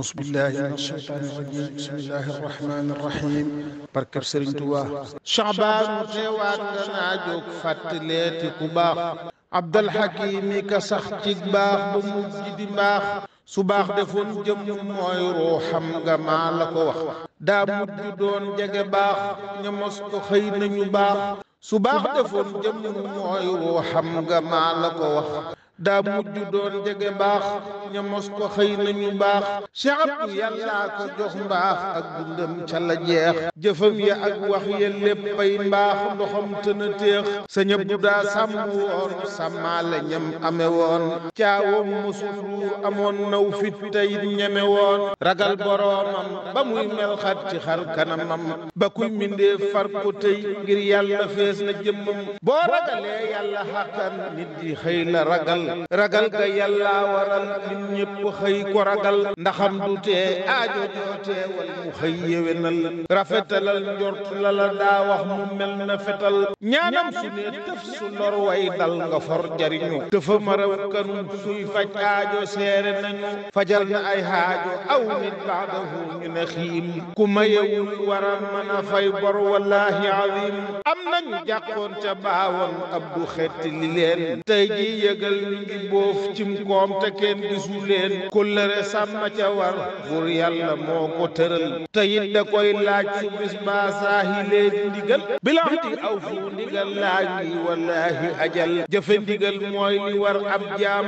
auzu billaahi mina su baax defoon jëmm mooy ruuxam nga maa la ko wax daa mujj doon jege baax ña ko xëy baax su defoon jëmm mooy ruuxam nga maa la ko wax daa mujj doon jege mbaax ña mos ko xëy nañu baax Cheikh Abdou yàllaa ko jox mbaax ak dundam ca la jeex jëfam ya ak wax ya léppay mbaax ndoxam tëna téex sëñ Abdou daa sàmm woon sàmmaale ñam ame woon caawam musulu amoon naw fit tey ñeme woon ragal boroomam ba muy melxat ci xar kanamam ba kuy mindee far ko tey ngir yàlla fees na jëmmam boo ragalee yàlla xàkkan nit di xëy la ragal ragal ga yàlla waral ñun ñëpp xëy ko ragal ndaxam du tee aajo jootee wal mu xëy yewenal rafetalal njort la la daa wax mu mel na fetal ñaanam su ne tëf su lor way dal nga for jariñu tëfa maraw kanum suy faj aajo seere nañu fajal na ay aajo aw nit baadahu ñu ne xiim ku mayewul wara mën a fay bor wallaahi azim am nañu jàkkoon ca baawoon abdu xetti li leen ji yëgal mi ngi boof cim koom te kenn gisu leen kóllëre sàmm ca war buur yàlla moo ko tëral te it da koy laaj su bis baa saahi leen ndigal bilaxti aw fu ndigal laaj yi wallaahi ajal jëfe ndigal mooy li war ab jaam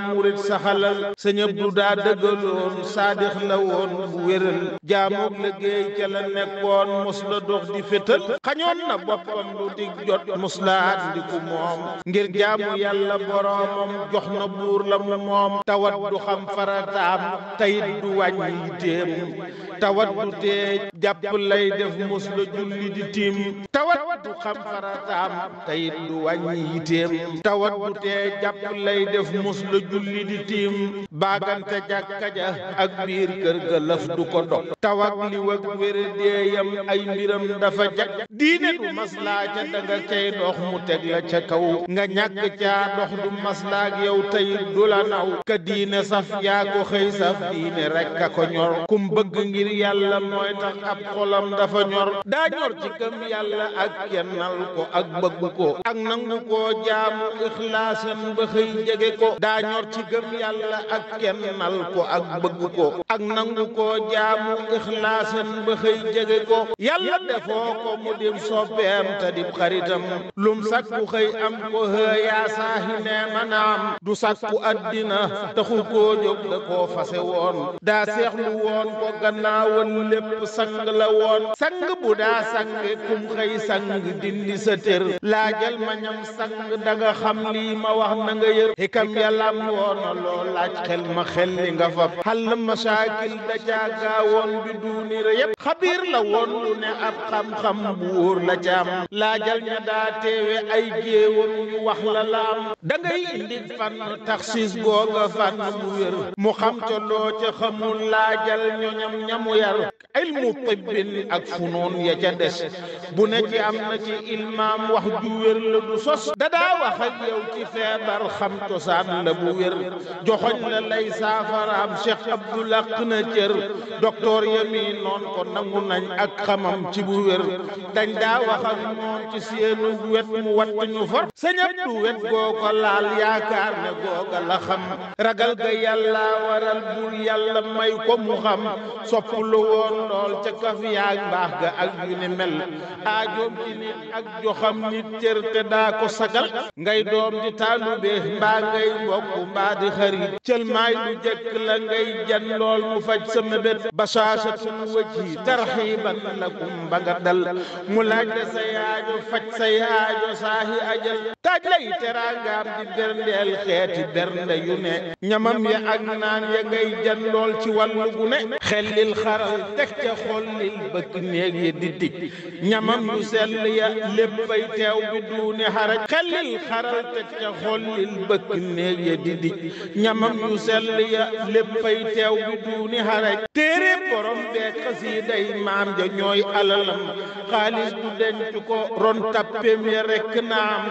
saxalal sëñ Abdu daa dëggaloon saadix la woon bu wéral jaamook liggéey ca la nekkoon mos la dox di fétal xañoon na boppam lu dig jot mos laa di moom ngir jaamu yàlla boroomam jox na buur la mu moom tawat du xam farataam tayit du wàññi yitteem tawat du tee jàpp lay def mus la julli di tiim du xam farataam tayit du wàññi yiteem tawat bu tee jàpp lay def mus la julli di tiim baagante jàkka ja ak biir kër ga lëf du ko dog tawak li wag wére deeyam ay mbiram dafa jag diine du maslaa ca da nga cay dox mu teg la ca kaw nga ñàkk caa dox du maslaak yow tayit du la naw ka diine saf yaa ko xëy saf diine rek ka ko ñor kum bëgg ngir yàlla mooy tax ab xolam dafa ñor daa ñor ci kam yàlla ak kennal ko ak bëgg ko ak nangu koo jaamu ixlaasan ba xëy jege ko da ñor ci gëm yàlla ak kennal ko ak bëgg ko ak nangu koo jaamu ixlaasan ba xëy jege ko yàlla defoo ko mu dim soppeem te dib xaritam lum sakku xëy am ko hëyaa saahi nee du sakku addina taxu koo jóg da koo fase woon daa seexlu woon ko gannaawoon lépp sang la woon sang bu daa sang kum xëy sang dëgg dindi sa tër laajal ma ñam sang danga xam lii ma wax na nga yër xikam yàllaam woona loo laaj xel ma xel li nga fab xal masaakil da jaagaa woon bi duuni rë yépp xabiir la woon lu ne ab xam-xam bu wóor la caam laajal ña daa teewe ay géewam ñu wax la laam dangay indi fan taxsis googa fan mu wér mu xam ca ca xamul laajal ñoñam ñamu yar ilmu tibbin ak funoon ya ca des bu ne ci am na ci ilmaam wax ju wér la du sos dadaa wax ak yow ci feebar xam cosaan la bu wér joxoñ la lay saafaraam cheikh abdou na cër docteur yami ko nangu nañ ak xamam ci bu wér dañ daa wax ak moom ci seenu wet mu watt ñu far sëñ abdu wet googa laal yaakaar ne googa la xam ragal ga yàlla waral bul yàlla may ko mu xam sopp lu woon lool ca kaf yaag ga ak yu ni mel aajoom ci nit ak joxam nit cër te daa ko sagal ngay doom di taalube mbaa ngay mbokk mbaa di xarit cëlmaay lu jëkk la ngay jan lool mu faj sa mébét basaasatul wajhi tarxiiban lakum ba nga dal mu laaj la sa yaajo faj sa yaajo saahi ajal taaj lay teraangaam di berndeel xeeti bernde yu ne ñamam ya ak naan ya ngay jan lool ci wàllu gu ne xellil xaral teg ca xollil bëkk néeg yi di dig ñamam yu sell ya léppay teew bi duuni xaraj xelil xaral teg ca xollil bëkk néeg ya di dij ñamam yu sell ya léppay teew bi duuni xaraj téere borom bee xasiiday maam ja ñooy alalam xaalis du denc ko ron tappeem ya rekk naam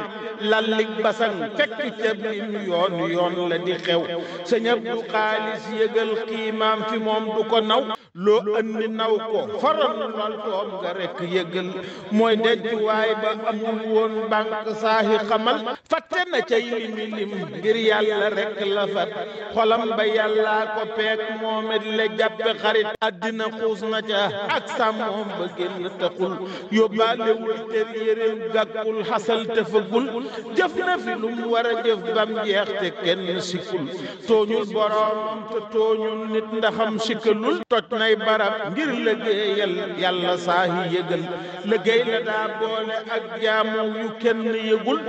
lallik basan fekk ca biim yoon yoon la di xew sëñab du xaalis yëgal xiimaam fi moom du ko naw loo andi naw ko faral lal toom nga rekk yëgal mooy denc waay ba amul woon banque saahi xamal fatte na cay limi lim ngir yàlla rekk la fat xolam ba yàllaa ko peek moomet le jàppe xarit àddina xuus na ca ak sàmmoom ba génn taxul yóbbaalewul ter yérew gàkkul xasal te fëggul jëf na fi lum war a jëf bam jeex te kenn sikkul tooñul boroom tooñul nit ndaxam sikkalul toj na nay barab ngir liggéeyal yàlla saahi yëgal liggéey la daa boole ak jaamu yu kenn yëgul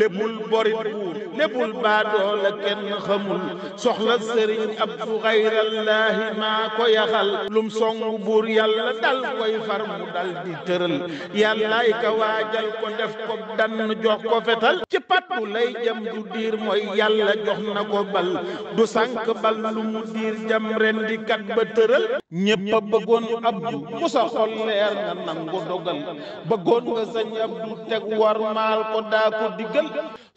lebul borit buur lebul baadoo la kenn xamul soxla sëriñ ab du xayrallaahi maa ko yaxal lum song buur yàlla dal koy far mu dal di tëral yàllaay ka waajal ko def ko dann jox ko fetal ci pattu lay jam du diir mooy yàlla jox na ko bal du sànk bal lu mu diir jam rendi ba tëral ñëpp a bëggoon abdu musa xol leer nga nangu dogal bëggoon nga sañ abdu teg war maal ko daa ko diggal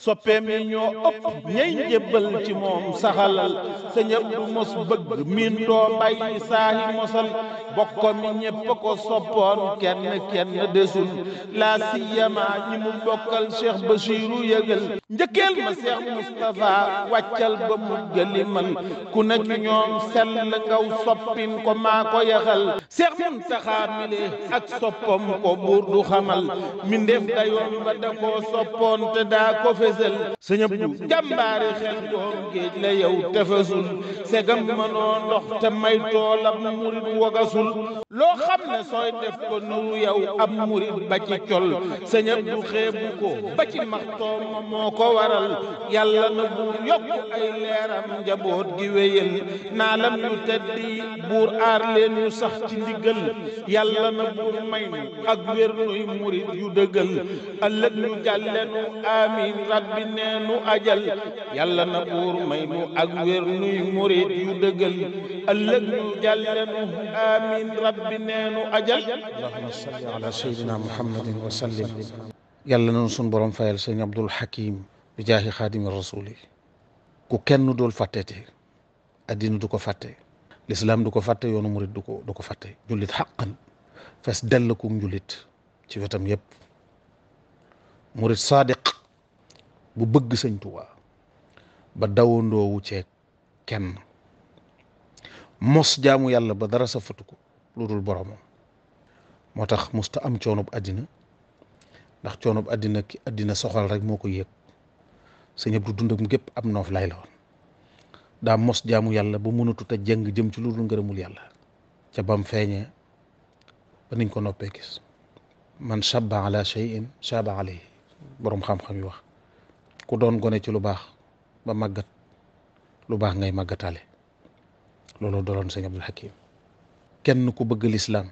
soppeem yi ñoo ëpp ñay njëbbal ci moom saxalal sa ñëpp du mos bëgg miin doo bàyyi saahi mosal bokkam yi ñëpp ko soppoon kenn kenn desul laa siyama ñi mu bokkal Cheikh Bachiru yëgal njëkkeel ma Cheikh Moustapha wàccal ba mu jëli ku ne ci ñoom sell ngaw soppin ko maa ko yaxal Cheikh Muntaxa mile ak soppam ko buur du xamal mi ndef dayoon ba da soppoon te daa ko fe fësal sëñ Abdu jàmbaari xel doom géej la yow tefesul segam mënoo ndox te may toolam murit wagasul loo xam ne sooy def ko nuru yow ab murit ba ci col sëñ Abdu xeebu ko ba ci maxtooma moo ko waral yàlla na buur yokk ay leeram njaboot gi wéyal naalam yu teddi buur aar leen yu sax ci ndiggal yàlla na buur may ak wér nuy murit yu dëggal ëllëg ñu jàllenu amiin xat bi nee nu ajal yàlla na buur may nu ak nuy murit yu dëggal ëllëg nu jàlle nu amin rabbi nee nu ajal allahuma salli ala sayyidina muhammadin wa sallim yàlla na borom fayal sëñ abdul hakim bi jaahi rasuli ku kenn dool fàtteete addina du ko fàtte lislaam du ko fàtte yoonu murit du ko du jullit xaqan fes dell kum jullit ci wetam yépp murit sadiq bu bëgg sëñ Tuubaa ba dawandoowu ceeg kenn mos jaamu yàlla ba dara sa fatu ko lu dul boromam moo tax musta am coonub àddina ndax coonub àddina ki àddina soxal rek moo ko yëg sëñ Abdu dundam gépp ab noof lay la daa mos jaamu yàlla ba mënatut a jëng jëm ci lu dul ngërëmul yàlla ca bam feeñee ba niñ ko noppee gis man shabba ala shay'in shabba alayhi boroom xam-xam yi wax ku doon gone ci lu baax ba màggat lu baax ngay màggataale looloo doloon sëñ Abdul Hakim kenn ku bëgg lislaam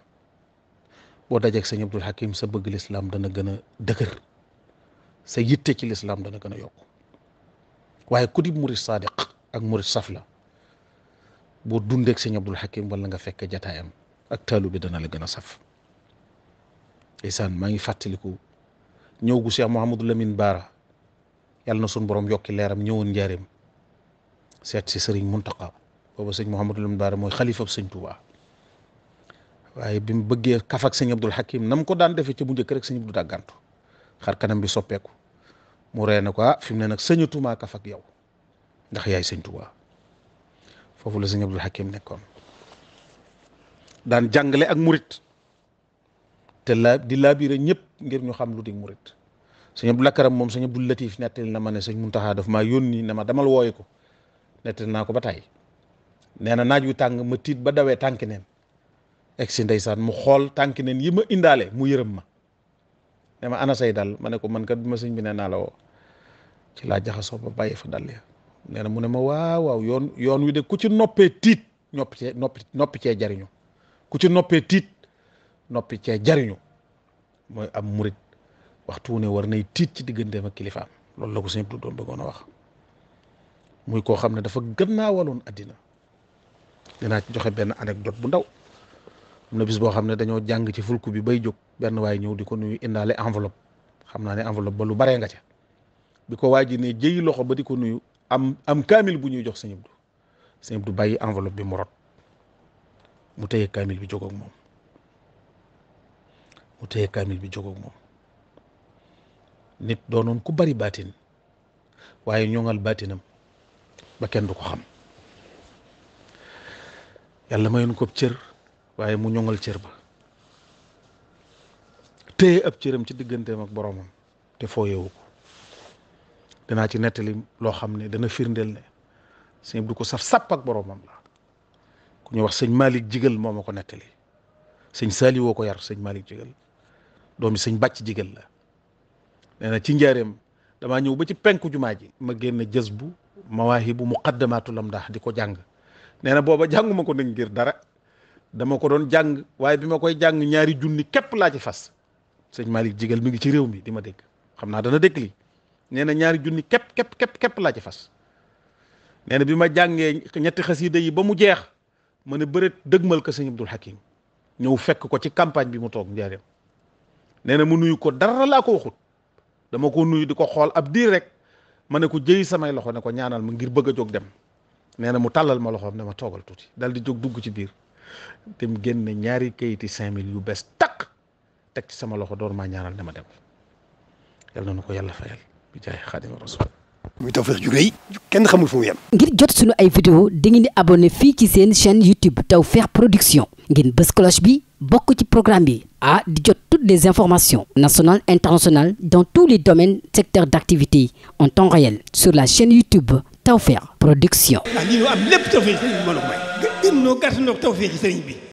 boo dajeeg sëñ Abdul Hakim sa bëgg lislaam dana gën a dëgër sa yitte ci lislaam dana gën a yokk waaye ku di murid sadiq ak murid saf la boo dundeeg sëñ Abdul Hakim wala nga fekk jataayam ak taalu bi dana la gën a saf isaan maa ngi fàttaliku ñëw gu Cheikh Mouhamadou Lamine Baara yàlla na suñu borom yokki leeram ñëwoon njaareem seet si sëriñ Muntaqa booba sëñ Mouhamadul Mbaara mooy xalifab sëñ Touba waaye bi mu bëggee kaf ak sëñ Abdul ko daan defee ca bu njëkk rek sëñ Abdou dàggantu xar kanam bi soppeeku mu ree na ko ah, fi mu ne nag sëñatuma kaf yow ndax yaay sëñ foofu la sëñ Abdul Hakim nekkoon daan jàngale ak murit te laa di laabiire ñëpp ngir ñu xam lu di murit sëñ Abdou lakkaram moom sëñ Abdou Latif nettali na ma ne sëñ Muntaxa daf maa yónni ne ma damal wooye ko nettali naa ko ba tàyyi nee na naaj wi tàng ma tiit ba dawee tànki neen egg si ndeysaan mu xool tànki neen yi ma indaale mu yërëm ma ne ma ana say dal ma ne ko man kat bu ma sëñ bi nee naa la woo ci laa jaxasoo ba bàyyi fa dal ya nee na mu ne ma waaw waaw yoon yoon wi de ku ci noppee tiit noppi cee noppi noppi cee jariñu ku ci noppee tiit noppi cee jariñu mooy am murit waxtu wu ne war nay tiit ci diggante ak kilifaam loolu la ko sëñ Abdu doon bëggoon a wax muy koo xam ne dafa gannaawaloon àddina dinaa ci joxe benn anecdote bu ndaw am na bis boo xam ne dañoo jàng ci fulku bi bay jóg benn waay ñëw di ko nuyu indaale enveloppe xam naa ne enveloppe ba lu baree nga ca bi ko waa ji ne jëyi loxo ba di ko nuyu am am kaamil bu ñuy jox sëñ Abdu sëñ Abdu bàyyi enveloppe bi mu mu téye kaamil bi jóg ak mu téye kaamil bi jóg moom. nit doonoon ku bari baatin waaye ñoŋal baatinam ba kenn du ko xam yàlla mayoon ko cër waaye mu ñoŋal cër ba téye ab cëram ci digganteem ak boromam te fooyewu ko dinaa ci nettali loo xam ne dana firndeel ne sëñ bu du ko saf sàpp ak boromam la ku ñu wax sëñ Malick Jigal moo ma ko nettali sëñ Saali woo ko yar sëñ Malick Jigal doomi sëñ Bàcc Jigal la nee na ci njaareem damaa ñëw ba ci penku jumaa ji ma génn jës bu mawaahibu muqaddamatul amdah di ko jàng nee na booba jànguma ko nag ngir dara dama ko doon jàng waaye bi ma koy jàng ñaari junni képp laa ci fas sëñ Malick Jigal mi ngi ci réew mi di ma dégg xam naa dana dégg lii nee na ñaari junni képp képp képp képp laa ci fas nee na bi ma jàngee ñetti xasida yi ba mu jeex ma ne bëreet dëgmal ko sëñ Abdul Hakim ñëw fekk ko ci campagne bi mu toog njaareem nee na mu nuyu ko dara laa ko waxut dama ko nuyu di ko xool ab diir rek ma ne ko jëy samay loxo ne ko ñaanal ma ngir bëgg a jóg dem nee na mu tàllal ma loxoom ne ma toogal tuuti dal di jóg dugg ci biir dem génne ñaari kayiti cinq mille yu bees takk teg ci sama loxo door maa ñaanal ne ma dem yal na nu ko yàlla fayal bi jaay xaadima rasul muy tawfeex ju rëy kenn xamul fu mu ngir jot suñu ay vidéo dangeen di abonné fii ci seen chaîne YouTube Tawfekh Production ngeen bës cloche bi bokk ci programme bi ah di jot toutes les informations nationales internationales dans tous les domaines secteurs d'activité en temps réel sur la chaîne YouTube Tawfekh Production. ah lii loo am lépp tawfeer ci bi mbooloo mooy gën gën ñoo gàtt ñoo ak bi.